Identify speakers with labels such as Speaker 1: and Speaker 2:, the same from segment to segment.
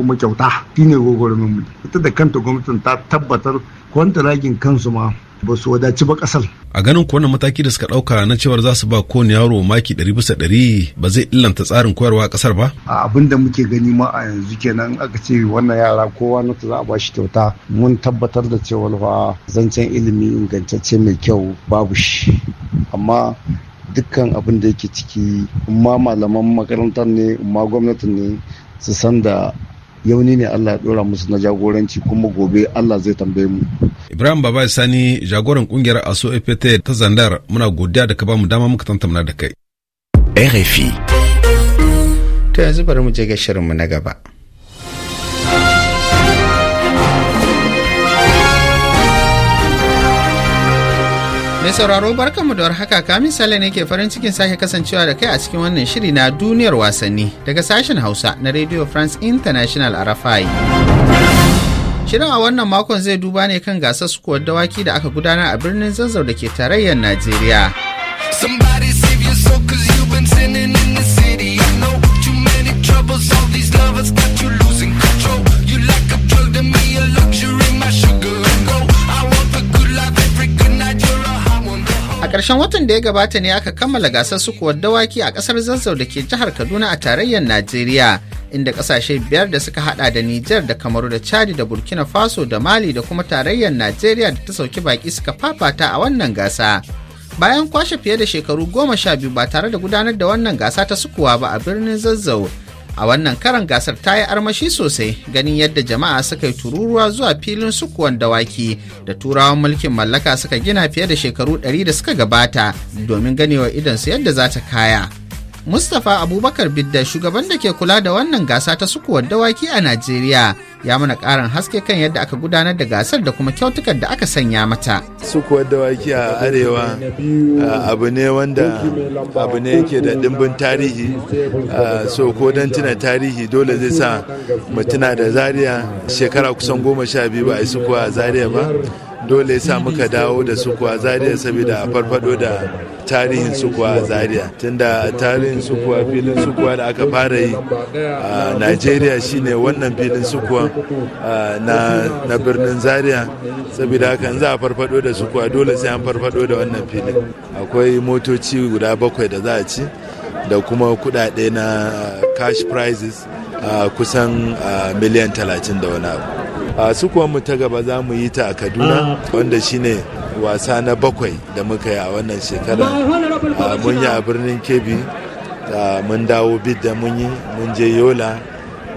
Speaker 1: kuma kyauta shine gogoromin mu ita da kanta gwamnatin ta tabbatar kwantaragin kansu ma ba su wadaci ba kasar.
Speaker 2: A ganin kuwa mataki da suka ɗauka na cewar za su ba kowane yaro maki ɗari bisa ɗari ba zai illanta tsarin koyarwa a ƙasar ba?
Speaker 1: A abin da muke gani ma a yanzu kenan aka ce wannan yara kowa na za a ba shi kyauta mun tabbatar da cewa fa zancen ilimi ingantacce mai kyau babu shi. Amma dukkan abin da yake ciki ma malaman makarantar ne ma gwamnatin ne su san da yauni ne Allah ya dora musu na jagoranci kuma gobe Allah zai tambaye mu.
Speaker 2: Ibrahim Baba Sani jagoran kungiyar ASO FPT ta Zandar muna godiya da ka bamu dama muka tantamna da kai. RFI. To yanzu bari mu je ga shirinmu
Speaker 3: na gaba. Mai sauraro barkanmu da warhaka kamin sale ne ke farin cikin sake kasancewa da kai a cikin wannan shiri na duniyar wasanni daga sashen Hausa na Radio France International a Rafai. Shirin a wannan makon zai duba ne kan gasar sukuwar dawaki da aka gudana a birnin Zazzau da ke tarayyar Najeriya.
Speaker 2: Somebody save your soul cause you've been
Speaker 3: Karshen watan da ya gabata ne aka kammala gasar sukuwar dawaki a ƙasar zazzau da ke jihar kaduna a tarayyar najeriya inda ƙasashe biyar da suka hada da nijar da kamaru da chadi da burkina faso da mali da kuma tarayyar najeriya da ta sauki baki suka fafata a wannan gasa bayan kwashe fiye da shekaru goma sha biyu ba tare da gudanar da wannan gasa ta sukuwa ba a birnin zazzau a wannan karan gasar ta yi armashi sosai ganin yadda jama'a suka yi tururuwa zuwa filin sukuwan dawaki da turawan mulkin mallaka suka gina fiye da shekaru ɗari da suka gabata domin ganewa su yadda za ta kaya mustapha abubakar bidda shugaban da ke kula da wannan gasa ta sukuwar dawaki a najeriya ya mana karin haske kan yadda aka gudanar da gasar da kuma kyautukan da aka sanya mata.
Speaker 4: Su kuwa dawaki a arewa abu ne wanda abu ne yake da dimbin tarihi so ko don tuna tarihi dole zai sa mutuna da zaria shekara kusan goma sha biyu ba a yi su kuwa a zaria ba. dole ya sa muka dawo da sukuwa zaria saboda a farfado da tarihin sukuwa zaria tunda tarihin sukuwa filin sukuwa da aka fara yi a najeriya shine wannan filin sukuwa na birnin zaria saboda haka za a farfado da sukuwa dole sai an farfado da wannan filin akwai motoci guda bakwai da za a ci da kuma kudade na cash prizes kusan miliyan talatin da wani abu a mu ta gaba za mu yi ta a kaduna ah. wanda shine wasa na bakwai da muka yi a wannan shekara
Speaker 1: a ah, yi a
Speaker 4: birnin kebi mun dawo bidda mun yi mun je yola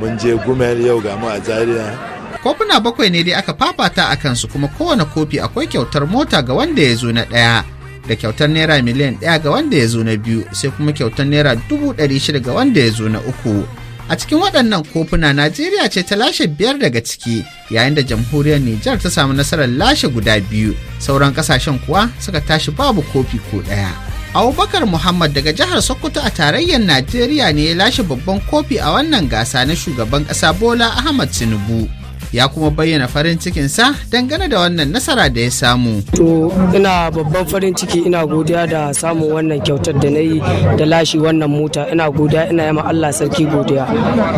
Speaker 4: mun je gumel yau ga mu a zaria
Speaker 3: kofuna bakwai ne dai aka fafata a kansu kuma kowane kofi akwai kyautar mota ga wanda ya zo na ɗaya da kyautar naira miliyan ɗaya ga wanda ya zo na biyu sai kuma kyautar naira dubu ɗari shida ga wanda ya zo na uku A cikin waɗannan kofuna Najeriya ce ta lashe biyar daga ciki yayin da jamhuriyar Nijar ta samu nasarar lashe guda biyu sauran ƙasashen kuwa suka tashi babu kofi ko ɗaya. Abubakar Muhammad daga jihar Sokoto a tarayyar Najeriya ne ya lashe babban kofi a wannan gasa na shugaban ƙasa Bola Ahmad Tinubu. ya kuma bayyana farin cikinsa dangane da wannan nasara da ya samu.
Speaker 1: To ina babban farin ciki ina godiya da samun wannan kyautar da na yi da lashi wannan mota ina godiya ina yama Allah sarki godiya.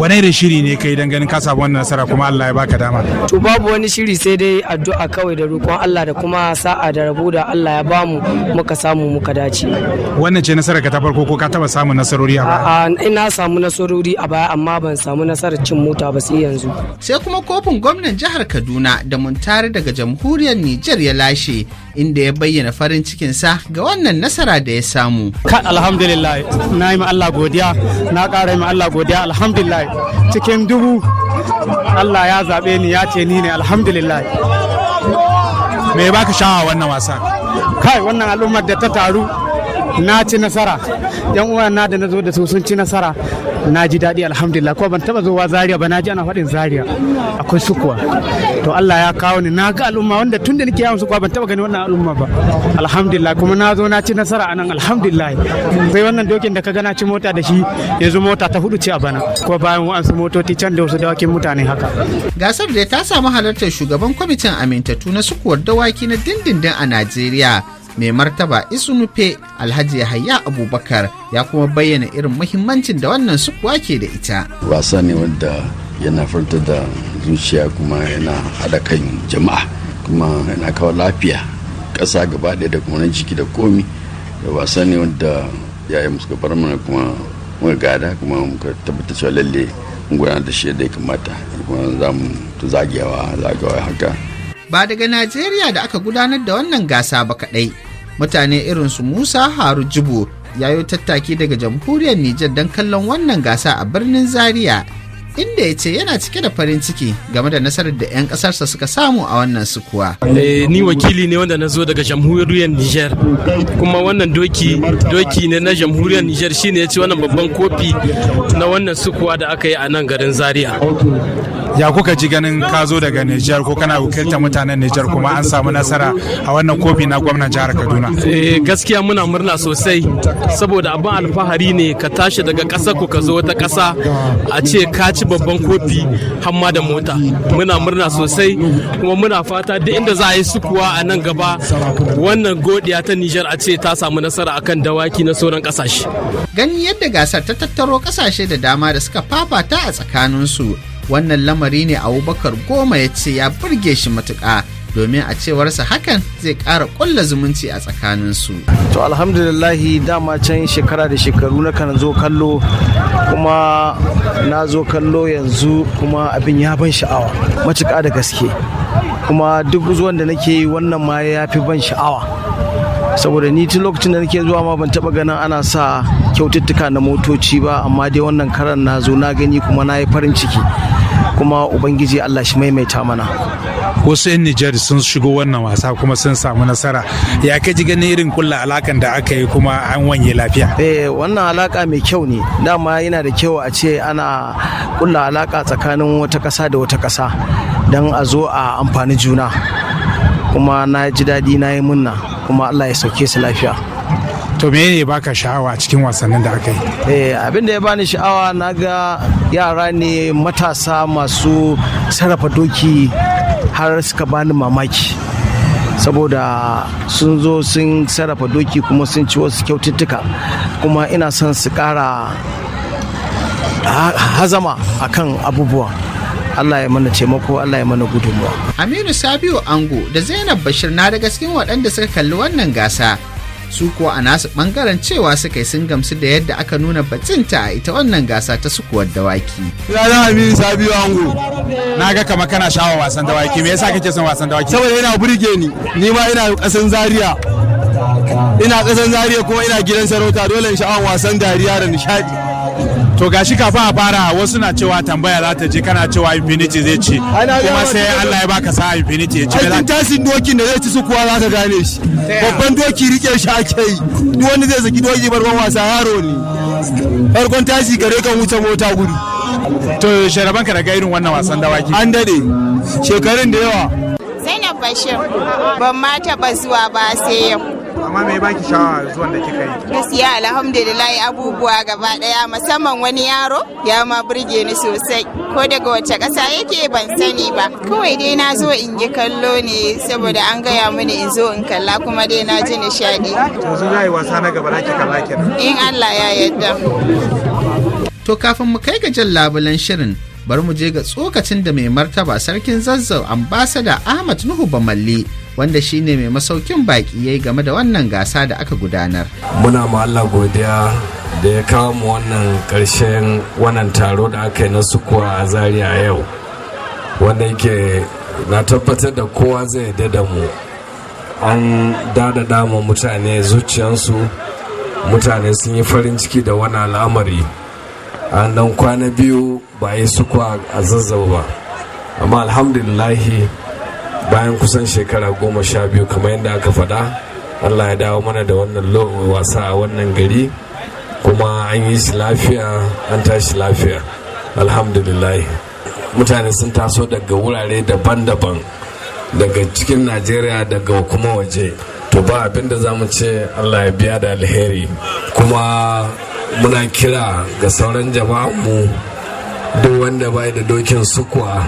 Speaker 4: Wani irin shiri ne kai dan ganin ka
Speaker 2: samu wannan nasara kuma Allah ya baka dama.
Speaker 1: To babu wani shiri sai dai addu'a kawai da roƙon Allah da kuma sa'a da rabo da Allah ya bamu muka samu muka dace.
Speaker 2: Wannan ce nasara ka ta farko ko ka taba samun nasarori a
Speaker 1: baya? Ina samu nasarori a baya amma ban samu nasarar cin mota ba sai yanzu.
Speaker 3: Sai kuma kofin gwamnan jihar Kaduna da Muntari daga jamhuriyar Nijar ya lashe inda ya bayyana farin cikinsa ga wannan nasara da ya samu. Alhamdulillah,
Speaker 1: na yi Allah godiya, na ƙara yi Allah godiya, alhamdulillah. Cikin dubu, Allah ya zaɓe ni ya ce ni ne, alhamdulillah. Me baka sha'awa wannan wasa? Kai, wannan al'ummar da ta taru na ci nasara yan uwa na da na zo da su sun ci nasara na ji daɗi alhamdulillah ko ban taba wa zaria ba na ji ana faɗin zaria akwai sukuwa to Allah ya kawo ni na ga al'umma wanda tun da nake yawon sukuwa ban taba gani wannan al'umma ba alhamdulillah kuma na zo na ci nasara anan alhamdulillah sai wannan dokin da ka gana ci mota da shi yanzu mota ta hudu ce a bana ko bayan wa'ansu motoci can da wasu dawakin
Speaker 3: mutane haka gasar da ta samu halartar shugaban kwamitin amintattu na sukuwar dawaki na dindindin a Najeriya mai martaba isunufe alhaji yahaya abubakar ya kuma bayyana irin muhimmancin da wannan sukuwa ke da ita
Speaker 2: wasa ne wanda yana furta da zuciya kuma yana haɗa kan jama'a kuma yana kawo lafiya ƙasa gaba ɗaya da kuma ciki da komi da wasa ne wanda yi suka bar mana kuma muka gada kuma muka tabbata cewa lalle mun gudanar da shi da ya kamata kuma za mu ta zagayawa haka
Speaker 3: ba daga najeriya da aka gudanar da wannan gasa ba kaɗai mutane irin su musa haru jibo yi tattaki daga jamhuriyar nijar don kallon wannan gasa a birnin zaria inda ya ce yana cike da farin ciki game da nasarar da 'yan kasarsa suka samu a wannan sukuwa. Eh, ni wakili
Speaker 2: ne wanda na zo daga jamhuriyar Nijar kuma wannan doki doki ne na jamhuriyar Nijar shine ya ci wannan babban kofi na wannan sukuwa da aka yi a nan garin Zaria. ya kuka ji ganin ka zo daga Nijar ko kana wakiltar mutanen Nijar kuma an samu nasara a wannan kofi na gwamnan jihar Kaduna. Eh gaskiya muna murna sosai saboda abin alfahari ne ka tashi daga ƙasa ku ka zo wata ƙasa a ce ka ci babban kofi hamma da mota. Muna murna sosai kuma muna fata duk inda za a yi sukuwa a nan gaba wannan godiya ta Nijar a ce ta samu nasara akan dawaki na sauran ƙasashe.
Speaker 3: Gani yadda gasar ta tattaro ƙasashe da dama da suka fafata a tsakaninsu. wannan lamari ne abubakar goma ya ce ya burge shi matuka, domin a cewarsa hakan zai ƙara ƙulla zumunci a tsakaninsu.
Speaker 1: To alhamdulillahi dama can shekara da shekaru na kan zo kallo kuma na zo kallo yanzu kuma abin ya ban sha'awa matuƙa da gaske kuma duk zuwan da nake yi wannan ma ya fi ban sha'awa saboda ni tun lokacin da nake zuwa ma ban taba ganin ana sa kyaututtuka na motoci ba amma dai wannan karan na zo na gani kuma na yi farin ciki.
Speaker 2: kuma ubangiji Allah shi maimaita mana wasu 'yan Nijar sun shigo wannan wasa kuma sun samu nasara ya ka ji ganin irin kulla alakan da aka yi kuma an wanye lafiya eh wannan
Speaker 1: alaka mai kyau ne dama yana da kyau a ce ana kulla alaka tsakanin wata ƙasa da wata ƙasa don a zo a amfani juna kuma na ji daɗi na yi munna kuma Allah ya sauke su lafiya to me ne baka sha'awa a cikin wasannin da aka yi eh abin da ya bani sha'awa na ga yara ne matasa masu sarrafa doki har suka bani mamaki saboda sun zo sun sarrafa doki kuma sun ci wasu kyaututtuka kuma ina son su kara hazama akan abubuwa Allah ya mana taimako Allah ya mana gudunmuwa. Aminu Sabiu Ango da Zainab Bashir na daga
Speaker 3: cikin waɗanda suka kalli wannan gasa su kuwa a nasu bangaren cewa suka yi sun gamsu da yadda aka nuna batinta a ita wannan gasa ta sukuwar dawaki.
Speaker 4: Sunana Aminu sabi Ango.
Speaker 2: Na ga kama kana shawar wasan dawaki me yasa kake son wasan dawaki? Saboda ina burge ni. Ni ma ina kasan Zaria. Ina kasan Zaria kuma ina gidan sarauta dole in sha'awar wasan dariya da nishadi. to gashi kafin a fara wasu na cewa tambaya za ta je kana cewa infinity zai ci kuma sai Allah ya baka sa infinity ya ci aikin
Speaker 4: tasin dokin da zai ci su kuwa za
Speaker 1: ka gane shi babban doki rike shi ake yi duk wanda zai saki doki barkon wasa haro
Speaker 2: ne farkon tasi kare kan wuce mota gudu to sharaban ka daga irin wannan wasan dawaki an dade shekarun da yawa
Speaker 3: Zainab Bashir ban ma taɓa zuwa ba sai yau
Speaker 2: amma mai baki shawara zuwan da kika yi
Speaker 3: gaskiya alhamdulillah abubuwa gaba daya musamman wani yaro ya ma burge ni sosai ko daga wace kasa yake ban sani ba kawai dai na zo in ji kallo ne saboda an gaya mini in zo in kalla kuma dai na ji nishadi yanzu
Speaker 2: za yi wasa na gaba ki kalla kenan in
Speaker 3: Allah ya yarda to kafin mu kai ga jan labulan shirin bari mu je ga tsokacin da mai martaba sarkin zazzau ambassador ahmad nuhu bamalli wanda shine mai masaukin baƙi yayi game da wannan gasa da aka gudanar.
Speaker 2: Muna ma Allah godiya da ya kawo mu wannan ƙarshen wannan taro da aka yi na sukuwa a Zaria yau. Wanda yake na tabbatar da kowa zai dada mu. An dada dama mutane zuciyansu mutane sun yi farin ciki da wani al'amari. a nan kwana biyu ba yi sukuwa a zazzau ba. Amma alhamdulillahi bayan kusan shekara goma sha biyu kamar yadda aka faɗa allah ya dawo mana da wannan wasa a wannan gari kuma an yi shi lafiya an tashi lafiya alhamdulillah mutane sun taso daga wurare daban-daban daga cikin najeriya daga kuma waje to ba abinda za mu ce allah ya biya da alheri kuma muna kira ga sauran mu duk wanda bai da dokin sukuwa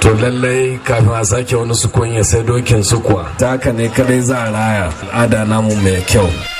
Speaker 2: to lallai kafin a sake wani sukun ya sai dokin sukuwa ta haka ne kadai za a raya al'ada namu mai kyau